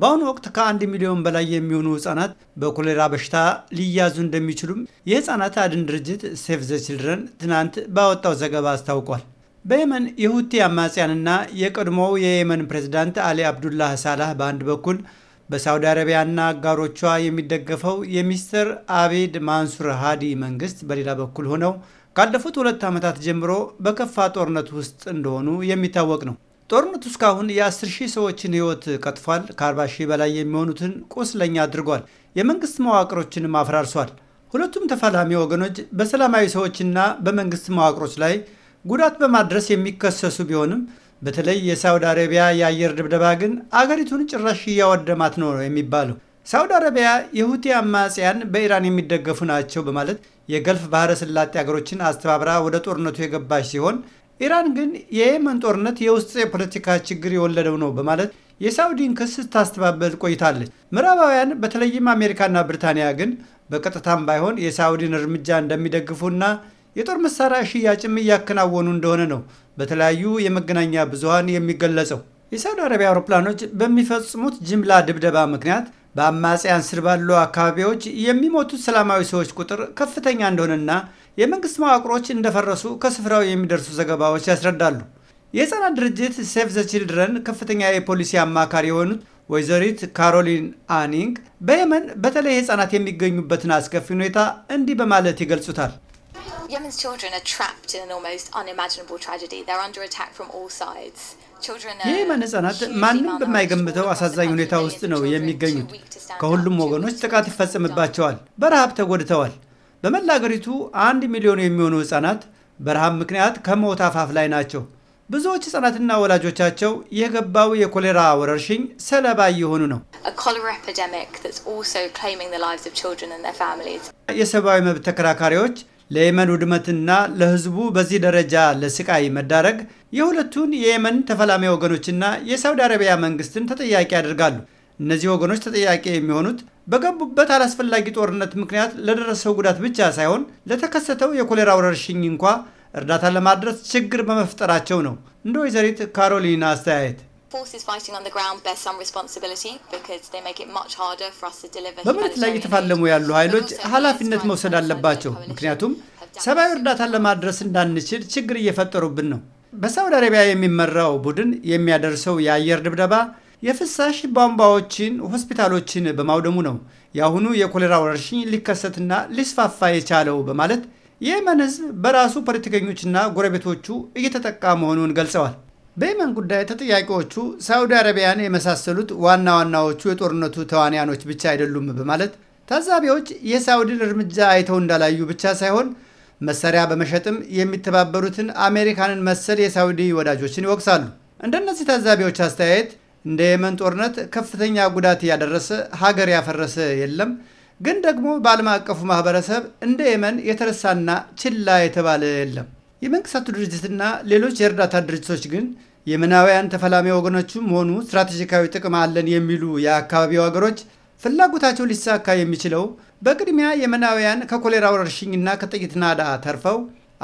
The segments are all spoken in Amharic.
በአሁኑ ወቅት ከአንድ ሚሊዮን በላይ የሚሆኑ ህጻናት በኮሌራ በሽታ ሊያዙ እንደሚችሉም የህጻናት አድን ድርጅት ሴቭ ዘ ችልድረን ትናንት ባወጣው ዘገባ አስታውቋል። በየመን የሁቲ አማጽያንና የቀድሞው የየመን ፕሬዝዳንት አሊ አብዱላህ ሳላህ በአንድ በኩል በሳውዲ አረቢያና አጋሮቿ የሚደገፈው የሚስተር አቤድ ማንሱር ሃዲ መንግስት በሌላ በኩል ሆነው ካለፉት ሁለት ዓመታት ጀምሮ በከፋ ጦርነት ውስጥ እንደሆኑ የሚታወቅ ነው። ጦርነቱ እስካሁን የ10 ሺህ ሰዎችን ህይወት ቀጥፏል። ከ40 ሺህ በላይ የሚሆኑትን ቁስለኛ አድርጓል። የመንግስት መዋቅሮችንም አፈራርሷል። ሁለቱም ተፋላሚ ወገኖች በሰላማዊ ሰዎችና በመንግስት መዋቅሮች ላይ ጉዳት በማድረስ የሚከሰሱ ቢሆንም በተለይ የሳውዲ አረቢያ የአየር ድብደባ ግን አገሪቱን ጭራሽ እያወደማት ነው የሚባለው። ሳውዲ አረቢያ የሁቲ አማጽያን በኢራን የሚደገፉ ናቸው በማለት የገልፍ ባህረ ስላጤ ሀገሮችን አስተባብራ ወደ ጦርነቱ የገባች ሲሆን ኢራን ግን የየመን ጦርነት የውስጥ የፖለቲካ ችግር የወለደው ነው በማለት የሳውዲን ክስ ስታስተባበል ቆይታለች። ምዕራባውያን በተለይም አሜሪካና ብሪታንያ ግን በቀጥታም ባይሆን የሳውዲን እርምጃ እንደሚደግፉና የጦር መሳሪያ ሽያጭም እያከናወኑ እንደሆነ ነው በተለያዩ የመገናኛ ብዙሃን የሚገለጸው። የሳውዲ አረቢያ አውሮፕላኖች በሚፈጽሙት ጅምላ ድብደባ ምክንያት በአማጽያን ስር ባሉ አካባቢዎች የሚሞቱት ሰላማዊ ሰዎች ቁጥር ከፍተኛ እንደሆነና የመንግስት መዋቅሮች እንደፈረሱ ከስፍራው የሚደርሱ ዘገባዎች ያስረዳሉ። የህፃናት ድርጅት ሴቭ ዘ ችልድረን ከፍተኛ የፖሊሲ አማካሪ የሆኑት ወይዘሪት ካሮሊን አኒንግ በየመን በተለይ ህፃናት የሚገኙበትን አስከፊ ሁኔታ እንዲህ በማለት ይገልጹታል። የመን children ትራፕድ trapped in an almost unimaginable tragedy. They're under ይህ ህጻናት ማንም በማይገምተው አሳዛኝ ሁኔታ ውስጥ ነው የሚገኙት። ከሁሉም ወገኖች ጥቃት ይፈጸምባቸዋል። በረሃብ ተጎድተዋል። በመላ አገሪቱ አንድ ሚሊዮን የሚሆኑ ህጻናት በረሃብ ምክንያት ከሞት አፋፍ ላይ ናቸው። ብዙዎች ህጻናትና ወላጆቻቸው የገባው የኮሌራ ወረርሽኝ ሰለባ እየሆኑ ነው። የሰብአዊ መብት ተከራካሪዎች ለየመን ውድመትና ለህዝቡ በዚህ ደረጃ ለስቃይ መዳረግ የሁለቱን የየመን ተፈላሚ ወገኖችና የሳውዲ አረቢያ መንግስትን ተጠያቂ ያደርጋሉ። እነዚህ ወገኖች ተጠያቂ የሚሆኑት በገቡበት አላስፈላጊ ጦርነት ምክንያት ለደረሰው ጉዳት ብቻ ሳይሆን ለተከሰተው የኮሌራ ወረርሽኝ እንኳ እርዳታ ለማድረስ ችግር በመፍጠራቸው ነው። እንደ ወይዘሪት ካሮሊና አስተያየት forces fighting on the ground bear some responsibility because they make it much harder for us to deliver በመሬት ላይ እየተፋለሙ ያሉ ኃይሎች ኃላፊነት መውሰድ አለባቸው። ምክንያቱም ሰብአዊ እርዳታ ለማድረስ እንዳንችል ችግር እየፈጠሩብን ነው። በሳውዲ አረቢያ የሚመራው ቡድን የሚያደርሰው የአየር ድብደባ የፍሳሽ ቧንቧዎችን፣ ሆስፒታሎችን በማውደሙ ነው የአሁኑ የኮሌራ ወረርሽኝ ሊከሰትና ሊስፋፋ የቻለው በማለት የየመን ህዝብ በራሱ ፖለቲከኞችና ጎረቤቶቹ እየተጠቃ መሆኑን ገልጸዋል። በየመን ጉዳይ ተጠያቂዎቹ ሳዑዲ አረቢያን የመሳሰሉት ዋና ዋናዎቹ የጦርነቱ ተዋንያኖች ብቻ አይደሉም በማለት ታዛቢዎች የሳዑዲን እርምጃ አይተው እንዳላዩ ብቻ ሳይሆን መሳሪያ በመሸጥም የሚተባበሩትን አሜሪካንን መሰል የሳዑዲ ወዳጆችን ይወቅሳሉ። እንደነዚህ ታዛቢዎች አስተያየት እንደ የመን ጦርነት ከፍተኛ ጉዳት ያደረሰ ሀገር ያፈረሰ የለም፣ ግን ደግሞ በዓለም አቀፉ ማህበረሰብ እንደ የመን የተረሳና ችላ የተባለ የለም። የመንግስታቱ ድርጅትና ሌሎች የእርዳታ ድርጅቶች ግን የመናውያን ተፈላሚ ወገኖችም ሆኑ ስትራቴጂካዊ ጥቅም አለን የሚሉ የአካባቢው ሀገሮች ፍላጎታቸው ሊሳካ የሚችለው በቅድሚያ የመናውያን ከኮሌራ ወረርሽኝና ከጥቂት ናዳ ተርፈው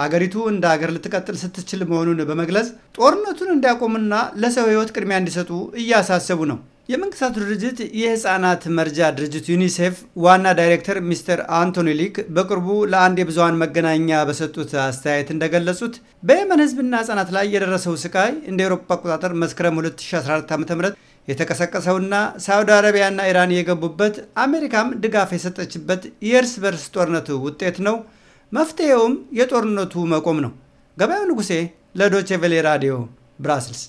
አገሪቱ እንደ አገር ልትቀጥል ስትችል መሆኑን በመግለጽ ጦርነቱን እንዲያቆሙና ለሰው ህይወት ቅድሚያ እንዲሰጡ እያሳሰቡ ነው። የመንግስታቱ ድርጅት የህፃናት መርጃ ድርጅት ዩኒሴፍ ዋና ዳይሬክተር ሚስተር አንቶኒ ሊክ በቅርቡ ለአንድ የብዙሀን መገናኛ በሰጡት አስተያየት እንደገለጹት በየመን ህዝብና ህጻናት ላይ የደረሰው ስቃይ እንደ ኤሮፓ አቆጣጠር መስከረም 2014 ዓ ም የተቀሰቀሰውና ሳዑዲ አረቢያና ኢራን የገቡበት አሜሪካም ድጋፍ የሰጠችበት የእርስ በርስ ጦርነቱ ውጤት ነው። መፍትሄውም የጦርነቱ መቆም ነው። ገበያው ንጉሴ ለዶቼቬሌ ራዲዮ ብራስልስ